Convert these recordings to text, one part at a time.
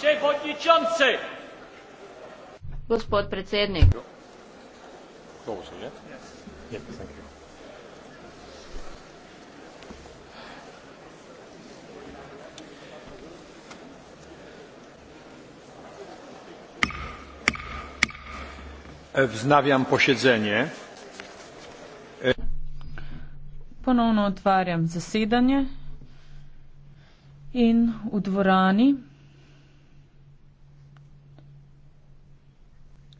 Przewodniczący! Gospod predsednik. E, wznawiam posiedzenie. E, Ponowno otwieram zasiedanie. In u dworani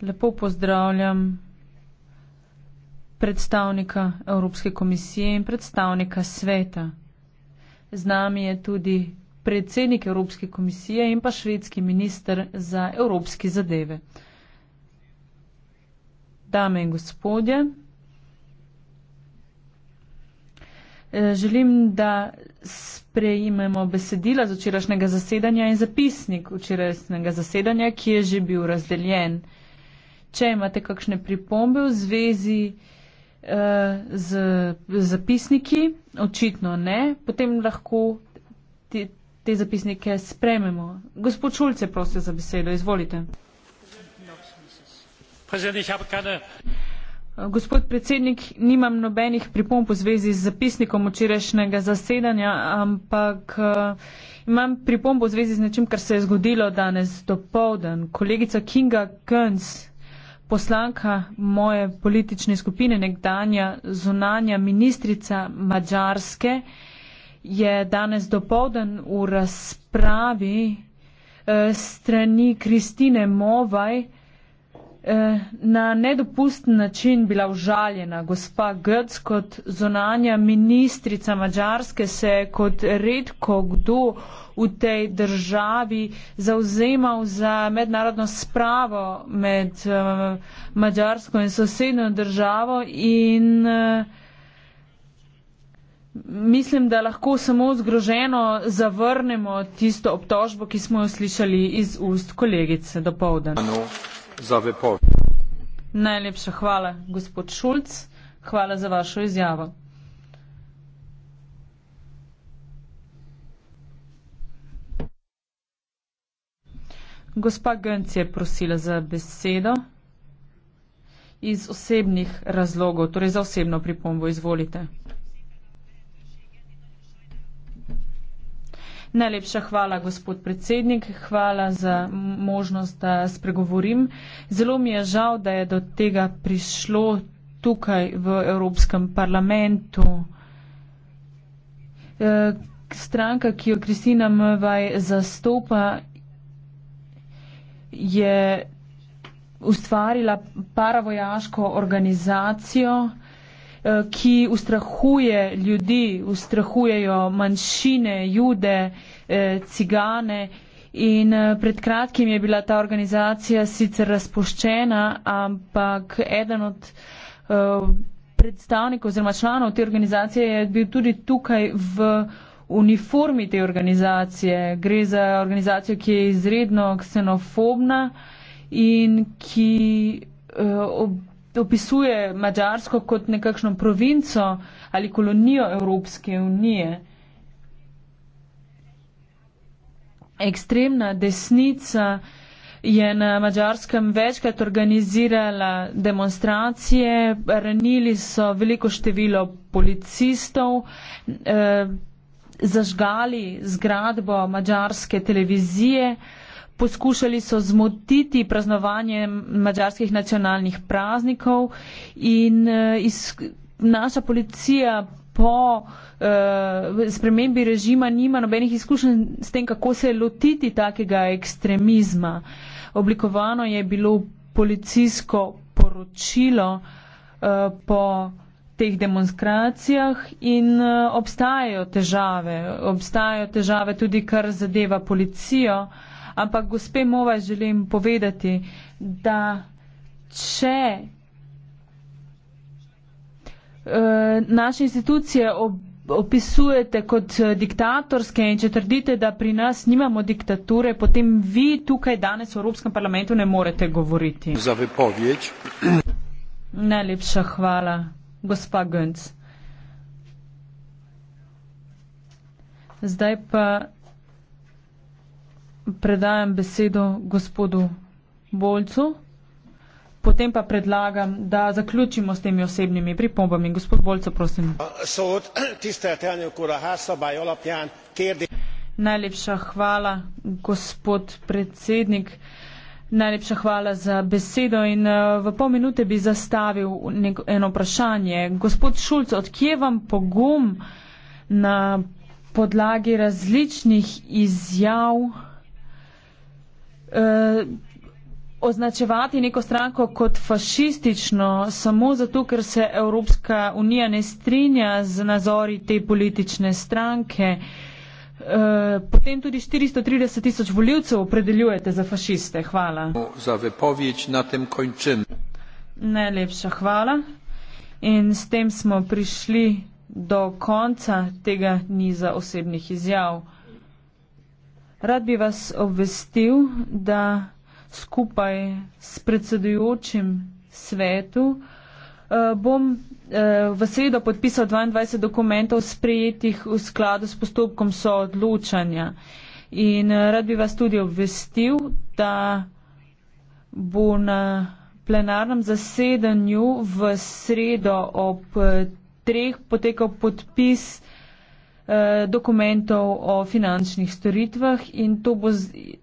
Lepo pozdravljam predstavnika Evropske komisije in predstavnika sveta. Z nami je tudi predsednik Evropske komisije in pa švedski minister za evropske zadeve. Dame in gospodje, eh, želim, da sprejmemo besedila z včerajšnjega zasedanja in zapisnik včerajšnjega zasedanja, ki je že bil razdeljen. Če imate kakšne pripombe v zvezi eh, z zapisniki, očitno ne, potem lahko te, te zapisnike sprememo. Gospod Šulce, prosim za besedo, izvolite. Gospod predsednik, nimam nobenih pripomp v zvezi z zapisnikom včerajšnjega zasedanja, ampak eh, imam pripomp v zvezi z nečim, kar se je zgodilo danes do povdan. Kolegica Kinga Kens poslanka moje politične skupine, nekdanja zunanja ministrica Mačarske, je danes dopoldan v razpravi eh, strani Kristine Movaj, Eh, na nedopusten način bila užaljena. Gospa Götz kot zonanja ministrica Mačarske se je kot redko kdo v tej državi zauzemal za mednarodno spravo med eh, Mačarsko in sosedno državo in eh, mislim, da lahko samo zgroženo zavrnemo tisto obtožbo, ki smo jo slišali iz ust kolegice do povdne za vepoved. Najlepša hvala, gospod Šulc. Hvala za vašo izjavo. Gospa Gönc je prosila za besedo iz osebnih razlogov, torej za osebno pripombo izvolite. Najlepša hvala, gospod predsednik. Hvala za možnost, da spregovorim. Zelo mi je žal, da je do tega prišlo tukaj v Evropskem parlamentu. E, stranka, ki jo Kristina Mvaj zastopa, je ustvarila paravojaško organizacijo, Eh, ki ustrahuje ljudi, ustrahujejo manjšine, jude, eh, cigane. In eh, pred kratkim je bila ta organizacija sicer razpoščena, ampak eden od predstavnikov oziroma članov te organizacije je bil tudi tukaj v uniformi te organizacije. Gre za organizacijo, ki je izredno ksenofobna in ki ob opisuje Mačarsko kot nekakšno provinco ali kolonijo Evropske unije. Ekstremna desnica je na Mačarskem večkrat organizirala demonstracije, ranili so veliko število policistov, eh, zažgali zgradbo mačarske televizije. Eh, poskušali so zmotiti praznovanje mađarskih nacionalnih praznikov in eh, iz, naša policija po uh, spremembi režima nima nobenih izkušenj s tem, kako se lotiti takega ekstremizma. Oblikovano je bilo policijsko poročilo uh, po teh demonstracijah in uh, obstajajo težave. Obstajajo težave tudi, kar zadeva policijo. Uh, Ampak gospe Mova želim povedati, da če uh, naše institucije ob, opisujete kot eh, diktatorske in če trdite, da pri nas nimamo diktature, potem vi tukaj danes v Evropskem parlamentu ne morete govoriti. Za vypovjeć. Najlepša hvala, gospa Gönc. Zdaj pa predajam besedo gospodu Bolcu, potem pa predlagam, da zaključimo s temi osebnimi pripombami. Gospod Bolco, prosim. Najlepša hvala, gospod predsednik. Najlepša hvala za besedo in eh, v pol minute bi zastavil eno vprašanje. Gospod Šulc, odkje vam pogum na podlagi različnih izjav? Eh, označevati neko stranko kot fašistično samo zato, ker se Evropska unija ne strinja z nazori te politične stranke. Eh, potem tudi 430 tisoč voljivcev opredeljujete za fašiste. Hvala. Za vepovič na tem končem. Najlepša hvala. In s tem smo prišli do konca tega niza osebnih izjav. Rad bi vas obvestil, da skupaj s predsedujočim svetu eh, bom eh, v sredo podpisal 22 dokumentov sprejetih v skladu s postopkom soodločanja. In eh, rad bi vas tudi obvestil, da bo na plenarnem zasedanju v sredo ob treh potekal podpis Eh, dokumentov o finančnih storitvah in to bo